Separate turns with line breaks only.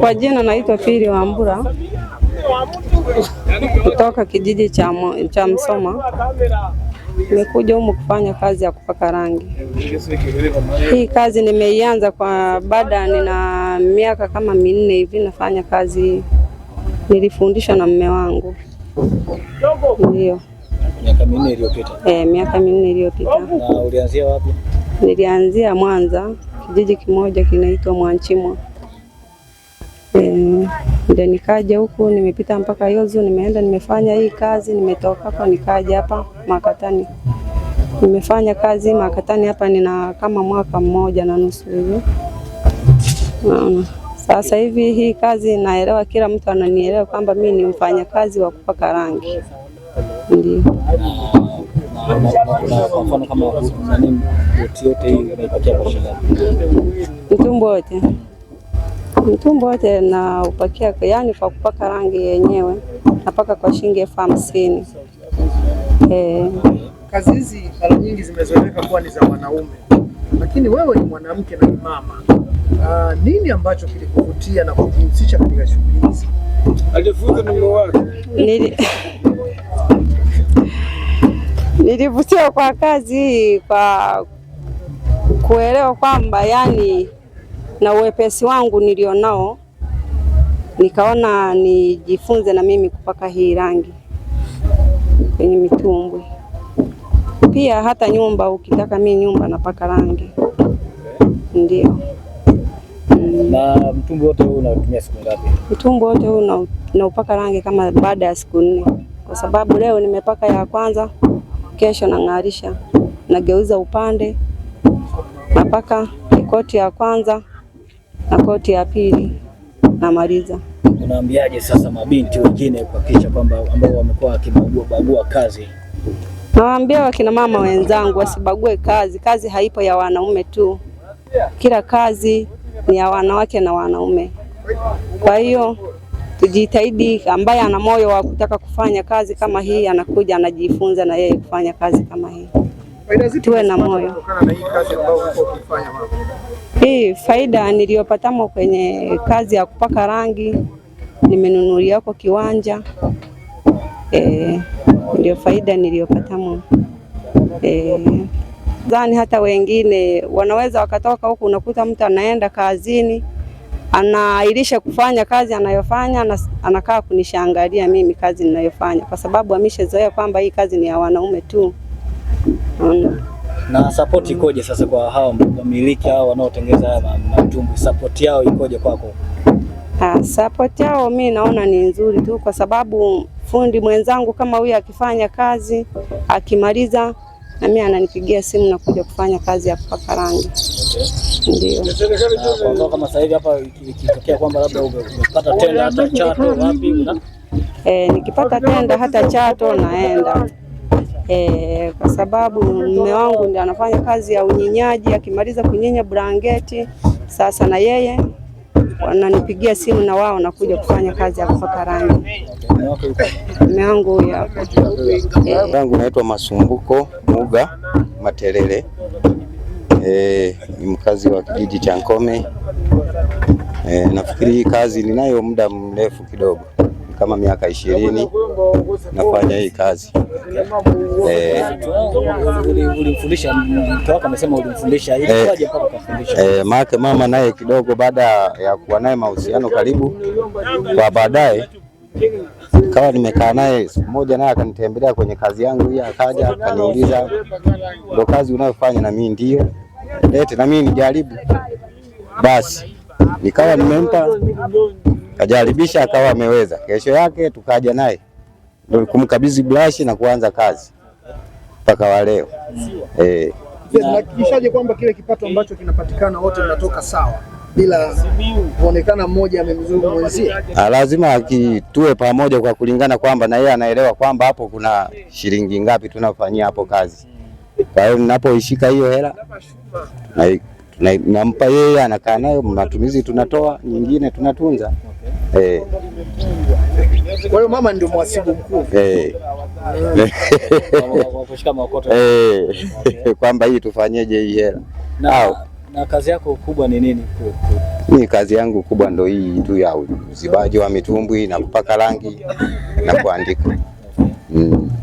Kwa jina naitwa Pili Wambura kutoka kijiji cha, cha Msoma. Nimekuja humu kufanya kazi ya kupaka rangi. Hii kazi nimeianza kwa baada, nina miaka kama minne hivi nafanya kazi, nilifundishwa na mume wangu, ndio
miaka minne iliyopita.
Eh, miaka minne iliyopita.
Na ulianzia wapi?
Nilianzia Mwanza, kijiji kimoja kinaitwa Mwanchimwa ndio nikaja huku nimepita mpaka Yozu, nimeenda nimefanya hii kazi, nimetoka hapo nikaja hapa Makatani. Nimefanya kazi Makatani hapa nina kama mwaka mmoja na nusu hivi. Um, sasa hivi hii kazi naelewa, kila mtu ananielewa kwamba mi ni mfanyakazi wa kupaka rangi. Ndio. Mtumbo wote Mtumbo wote naupakia, yani kwa kupaka rangi yenyewe napaka kwa shilingi elfu hamsini.
Eh, kazi hizi mara nyingi zimezoeleka kuwa ni za wanaume, lakini wewe ni mwanamke na mama. Uh, nini ambacho kilikuvutia na kukuhusisha katika shughuli hizi?
Nilivutiwa kwa kazi hii kwa kuelewa kwamba yani na uwepesi wangu nilionao, nikaona nijifunze na mimi kupaka hii rangi kwenye mitumbwi. Pia hata nyumba, ukitaka mimi nyumba napaka rangi ndio.
Mm. Na mtumbwi wote huu unatumia siku ngapi?
Mtumbwi wote huu naupaka rangi kama baada ya siku nne, kwa sababu leo nimepaka ya kwanza, kesho nang'arisha, nageuza upande, napaka ikoti ya kwanza na koti ya pili namaliza.
Unaambiaje sasa mabinti wengine kuhakikisha kwamba ambao wamekuwa wakibagua bagua kazi?
Nawaambia wakina mama wenzangu wasibague kazi, kazi haipo ya wanaume tu, kila kazi ni ya wanawake na wanaume. Kwa hiyo tujitahidi, ambaye ana moyo wa kutaka kufanya kazi kama hii anakuja anajifunza na yeye kufanya kazi kama hii, tuwe na moyo. Hii faida niliyopatamo kwenye kazi ya kupaka rangi, nimenunulia huko kiwanja e, ndio faida niliyopatamo e. Zani hata wengine wanaweza wakatoka huku, unakuta mtu anaenda kazini anailisha kufanya kazi anayofanya, anakaa kunishangalia mimi kazi ninayofanya, kwa sababu ameshazoea kwamba hii kazi ni ya wanaume tu.
Na support ikoje sasa kwa hao wamiliki hao wanaotengeneza haya matumbwi, support yao ikoje kwako?
Ah, support yao mi naona ni nzuri tu, kwa sababu fundi mwenzangu kama huyu akifanya kazi akimaliza na mimi ananipigia simu na kuja kufanya kazi ya kupaka rangi.
Okay. Ndio. Kama sasa hivi hapa ikitokea kwamba labda umepata tenda hata Chato wapi?
Eh, nikipata tenda hata Chato naenda. E, kwa sababu mume wangu ndiye anafanya kazi ya unyinyaji, akimaliza kunyinya blanketi sasa na yeye wananipigia simu na wao kuja kufanya kazi ya kupaka rangi. Mume wangu
yangu naitwa Masumbuko Muga Matelele e, ni mkazi wa kijiji cha Nkome e, nafikiri hii kazi ninayo muda mrefu kidogo kama miaka ishirini nafanya hii kazi eh, eh, make mama naye kidogo, baada ya kuwa naye mahusiano karibu kwa baadaye kawa nimekaa naye siku moja, naye akanitembelea kwenye kazi yangu hii, akaja akaniuliza, ndo kazi unayofanya? Na mimi ndio lete, na mimi nijaribu. Basi nikawa nimempa kajaribisha akawa ameweza. Kesho yake tukaja naye ndio kumkabidhi brashi na kuanza kazi mpaka wa leo
eh. Tunahakikishaje kwamba kile kipato ambacho kinapatikana wote kinatoka sawa bila kuonekana mmoja amemzuru mwenzie?
Ah, lazima kitue pamoja kwa kulingana kwamba na yeye anaelewa kwamba hapo kuna shilingi ngapi tunafanyia hapo kazi. Kwa hiyo ninapoishika hiyo hela nampa yeye, anakaa nayo matumizi, tunatoa nyingine tunatunza. Eh.
Kwa hiyo mama ndio mwasibu mkuu.
Eh. eh. Kwamba hii tufanyeje hii hela.
Na, na kazi yako kubwa ni nini?
Mimi kazi yangu kubwa ndio hii tu ya uzibaji wa mitumbwi na kupaka rangi na kuandika. Mm.